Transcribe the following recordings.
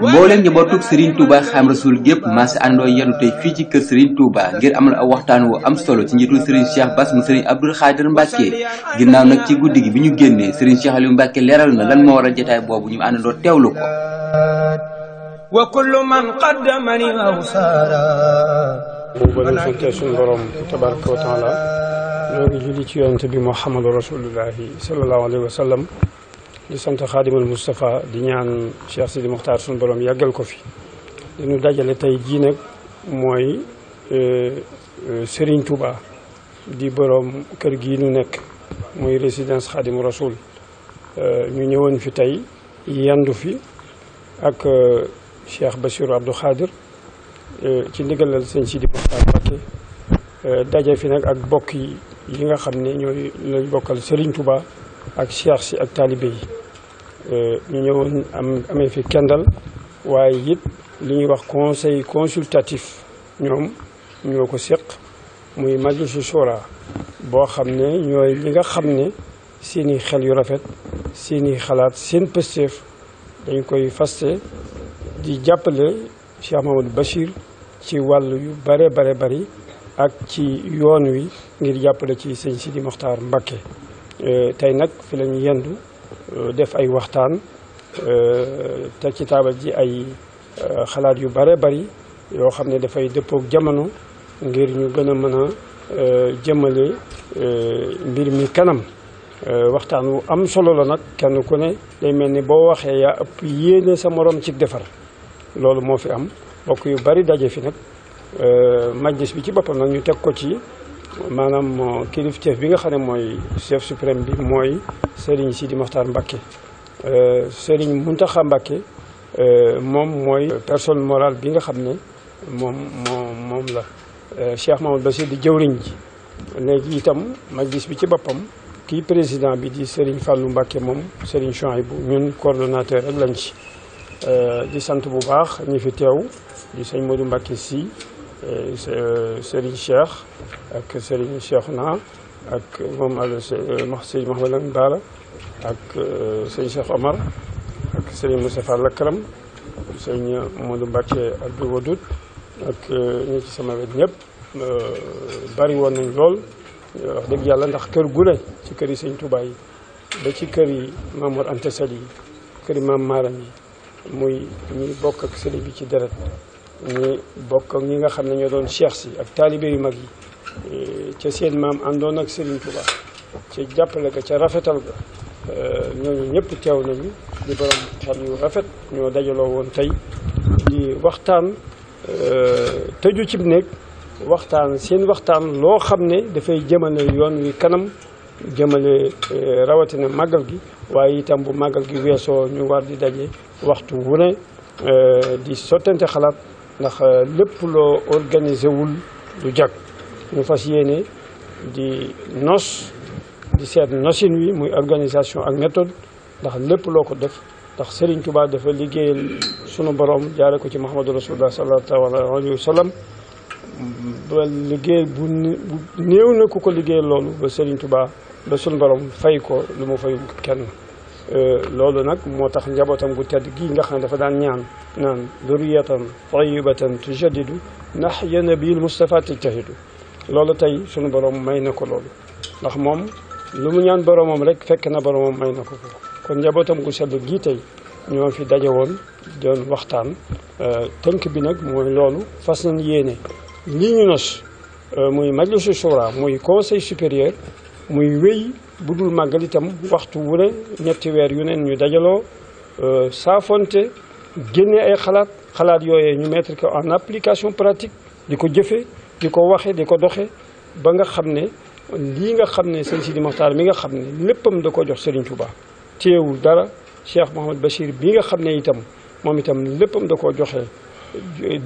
mbolen ñu njabootug serigne touba xam rasul gépp maas àndoo yenu tey fi ci keur serigne touba ngir amal aw waxtaan wo am solo ci njiitul serigne cheikh bas mu sëriñ abdul xaadir mbàkke ginnaaw nag ci guddigi biñu genné serigne cheikh aliou mbacke leral na lan mo wara jotaay bobu ñu àndandoo tewlu ko wa kullu man qaddamani aw sara bu ñu santee suñu borom tabaraka wa taala ñu ngi julli ci yonente bi muhammadu rasulullahi sallallahu alayhi wasallam di sant al mustafa di ñaan Cheikh Sidi Mokhtar sun borom yagal ko fi li ñu dajale ji nak moy euh Serigne Touba di borom kër gi nu nek moy résidence rasoul Rasul ñu ñewon fi tay yandu fi ak Cheikh bashir Abdou Khadir ci ndigalal sëñ Sidi Mokhtar euh daje fi nak ak bokki yi nga xamné ñoy lañ bokal Serigne Touba. ak cheikh si ak taalibe yi euh, ñu ñëwoon am amee fi kendal waaye it li ñuy wax conseil consultatif ñoom ñoo ko séq muy majlisu soraa boo xam ne ñooy li nga xam ne seeni xel yu rafet seeni xalaat seen pësteef dañ koy faste di jàppale Cheikh Mamadou Bachir ci wàll yu bare bare bari ak ci yoon wi ngir jàppale ci sëñ Sidi Mokhtar Mbacké Euh, tey nag fi lañu yendu euh, def ay waxtaan euh, te ci taabal ji ay xalaat yu bare bari yoo xam ne dafay dëppook jamono ngir ñu gën a mën a jëmale mbir mi kanam waxtaan wu am solo la nag kenn ku ne day mel ni boo waxee yaa ëpp yéene sa moroom ci defar loolu moo fi am bokk yu bari daje fi nag majlis bi ci boppam nag ñu teg ko ci maanaam euh, kilifteef bi nga xam ne mooy chef suprême bi mooy Serigne Sidi Mokhtar Mbacké euh, Serigne Mountakha Mbacké euh, moom mooy personne morale bi nga xam ne moom moo moom la Cheikh Mamadou Bassir di jëwriñ ji léegi itam majlis bi ci boppam kii président bi di Serigne Fallou Mbacké moom Serigne Chouaïbou ñun coordonnateur rek lañ ci di sant bu baax ñu fi teew di sëñ Modou Mbacké si Euh, Serigne Cheikh ak Serigne Cheikh na ak moom al Sëñ Mouhamed Lamine Bara ak euh, sëñ Cheikh Omar ak Serigne Moustapha Lakaram Serigne Modou Mbacke Abdou Wadoud ak euh, ñi ci sama wet ñëpp bari woon nañ lool wax dëgg yàlla ndax kër gu ci kër yi sëñ Touba ba ci kër yi Mamour Anta Sali kër yi Maam Maaram yi muy ñuy bokk ak sëriñ bi ci deret ñu bokk ñi nga xam ne ñoo doon cheikh si ak taalibe yu mag yi eh, ca seen maam àndoon ak Serigne Touba ca jàppale ko ca rafetal ko eh, ñooñu ñëpp teew nañu di borom xam yu rafet ñoo dajaloo woon tey di waxtaan eh, tëju cib néeg waxtaan seen waxtaan loo xam ne dafay jëmale yoon wi kanam jëmale rawatina màggal gi waaye itam bu màggal gi weesoo ñu war di daje waxtu wu ne di sottante xalaat ndax euh, lépp loo organisé wul du jag ñu fas yéene di nos di seet nosin wi muy organisation ak méthode ndax lépp loo ko def ndax Serigne tubaa dafa liggéeyal sunu borom jaare ko ci Muhammadu Rasulullah sallallahu alayhi wa sallam ba liggéey bu néew na ku ko liggéey loolu ba Serigne Touba ba sunu borom fay ko lu mu fayul kenn. Euh, loolu nag moo tax njabootam gu tedd gi nga xam ne dafa daan ñaan naan duriyatan tayyibatan tujaddidu nahya nabil Mustafa tajtahidu loolu tey sunu borom may na ko loolu ndax moom lu mu ñaan boromam rek fekk na boromam may na ko kon njabootam gu sedd gii tey ñoo fi daje woon doon waxtaan euh, tënk bi nag mooy loolu fas nañ yéene lii ñu nos euh, muy majlisu shura muy conseil supérieur muy wéy bu dul màggal itam waxtu wu ne ñetti weer yu neen ñu dajaloo euh, saafonte génne ay xalaat xalaat yooyee ñu mettre ko en application pratique di ko jëfe di ko waxe di ko doxe ba nga xam ne lii nga xam ne sëñ Sidi Moxtaar mi nga xam ne léppam da ko jox Serigne Touba téewul dara Cheikh Mouhamad Bachir bi nga xam ne itam moom itam léppam da koo joxe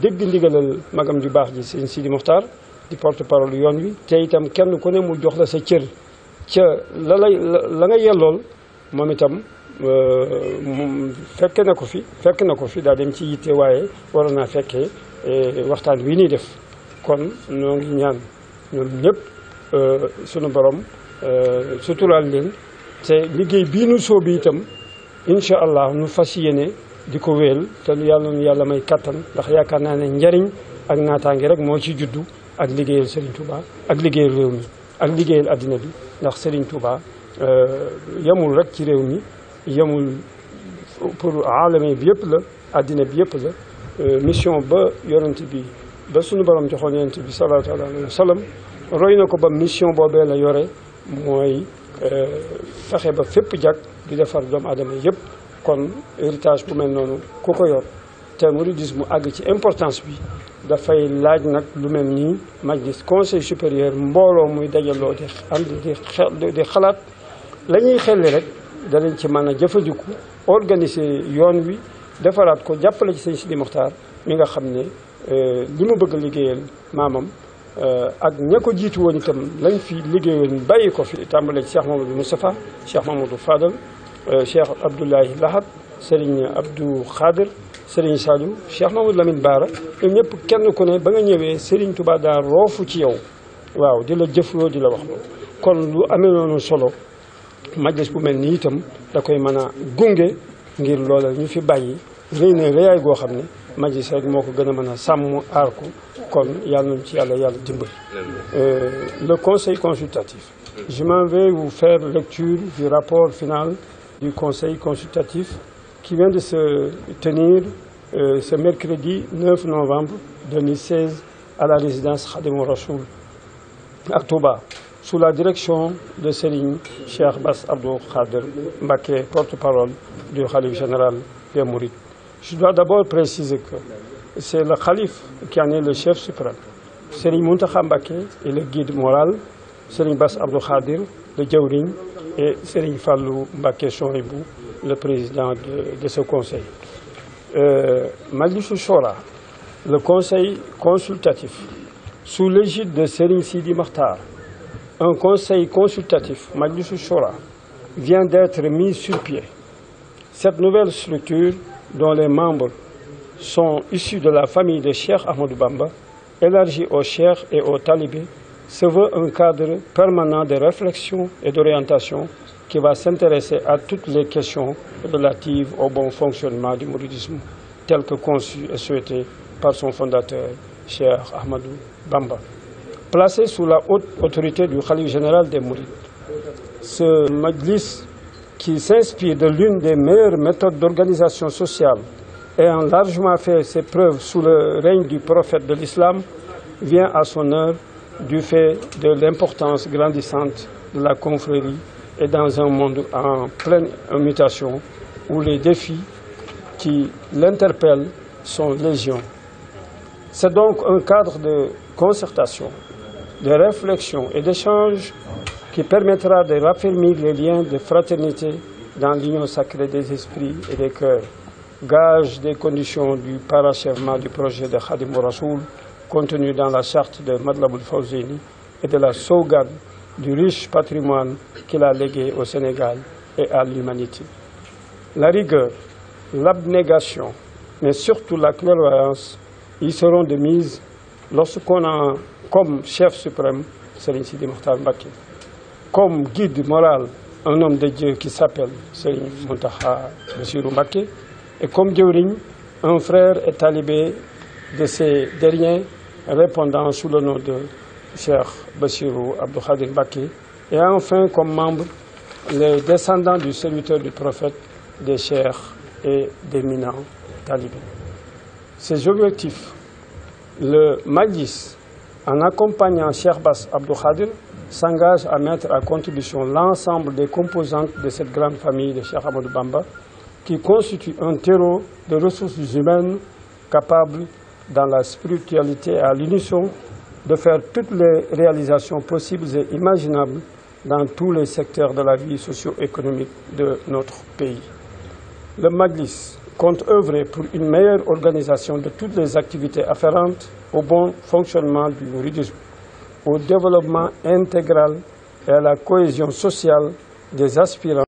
dégg ndigalal magam ju baax ji sëñ di Moxtaar di porte parole yoon wi te itam kenn ku ne mu jox la sa cër ca la lay la nga yellool moom itam euh, fekke na ko fi fekk na ko fi daa dem ci yitte waaye waroon naa fekkee euh, waxtaan wi ñuy def kon ñoo ngi ñaan ñoom ñëpp euh, sunu borom suturaal leen te liggéey bii nu sóobi itam incha allah nu fas yéene di ko wéel te yàlla nu yàlla may kattan ndax yaakaar naa ne njariñ ak naataange rek moo ci juddu ak liggéeyal Serigne Touba ak liggéeyal réew mi ak liggéeyal addina bi ndax Serigne Touba euh, yemul rek ci réew mi yemul pour aalame bi yëpp la addina bi yëpp la euh, mission ba yonent bi ba suñu borom joxoon yonent bi salaatu alayhi wa sallam roy na ko ba mission boobee la yore mooy euh, fexe ba fépp jag di defar doomu aadama yëpp kon héritage bu mel noonu ku ko yor te mu àgg ci importance bi dafay laaj nak lu melni majlis conseil supérieur mbolo muy dajalo di am di di xalat lañuy xelle rek da lañ ci mëna a organiser yoon wi defalat ko jàppale ci sëñ Sidi Moxtaar mi nga xamné euh limu mu bëgg liggéeyal euh ak ñako jitu jiitu woon itam lañ fi liggéeyoon bayiko fi tàmbale Cheikh Mamadou Moustapha Cheikh Mamadou Fadal Cheikh Abdoulahi Lahad Serigne Abdou Khadir Serigne Sadio Cheikh Mamadou Lamine Bara ñoom ñëpp kenn ku ne ba nga ñëwé Serigne Touba da roofu ci yow waaw di la jëfloo di la wax kon lu amé nonu solo majlis bu melni itam da koy mëna gungé gunge ngir loola ñu fi bàyyi rëy na go goo majlis rek moko gëna mëna a arku kon yalla nañ ci yalla dimbe euh le conseil consultatif. je m'en vais vous faire lecture du rapport final du conseil consultatif qui vient de se tenir euh, ce mercredi 9 novembre 2016 à la résidence Khadim Rachoul à Touba, sous la direction de Serigne Cheikh Bass Abdou Khader Mbaké, porte-parole du Khalif général des Mourides. Je dois d'abord préciser que c'est le Khalif qui en est le chef suprême. Serigne Muntaha Mbake est le guide moral, Serigne Bass Abdou Khader, le Djaourine, et Serigne Fallou son Choribou le président de, ce conseil. Euh, Majlis le conseil consultatif, sous l'égide de Sérin Sidi Martar, un conseil consultatif, Magdou vient d'être mis sur pied. Cette nouvelle structure, dont les membres sont issus de la famille de Cheikh Ahmadou Bamba, élargie aux Cheikhs et aux talibés, se veut un cadre permanent de réflexion et d'orientation qui va s'intéresser à toutes les questions relatives au bon fonctionnement du mouridisme tel que conçu et souhaité par son fondateur, cher Ahmadou Bamba. Placé sous la haute autorité du Khalif général des Mourides, ce Majlis qui s'inspire de l'une des meilleures méthodes d'organisation sociale et en largement fait ses preuves sous le règne du prophète de l'islam, vient à son heure du fait de l'importance grandissante de la confrérie et dans un monde en pleine mutation où les défis qui l'interpellent sont légion. C'est donc un cadre de concertation, de réflexion et d'échange qui permettra de raffermir les liens de fraternité dans l'union sacrée des esprits et des cœurs, gage des conditions du parachèvement du projet de Khadim Rasoul contenu dans la charte de Madlaboul Fawzini et de la sauvegarde du riche patrimoine qu'il a légué au Sénégal et à l'humanité. La rigueur, l'abnégation, mais surtout la clairvoyance y seront de mise lorsqu'on a comme chef suprême Sidi comme guide moral un homme de Dieu qui s'appelle et comme un frère et talibé de ces derniers répondant sous le nom de Cher Basirou Abdou Khadir et enfin comme membre les descendants du serviteur du prophète, des chers et des minants talibans. Ces objectifs, le Majlis, en accompagnant Cheikh Bass Abdou Khadir, s'engage à mettre à contribution l'ensemble des composantes de cette grande famille de Cheikh Amadou Bamba, qui constitue un terreau de ressources humaines capables, dans la spiritualité et à l'unisson, de faire toutes les réalisations possibles et imaginables dans tous les secteurs de la vie socio-économique de notre pays. Le Maglis compte œuvrer pour une meilleure organisation de toutes les activités afférentes au bon fonctionnement du mouridisme, au développement intégral et à la cohésion sociale des aspirants.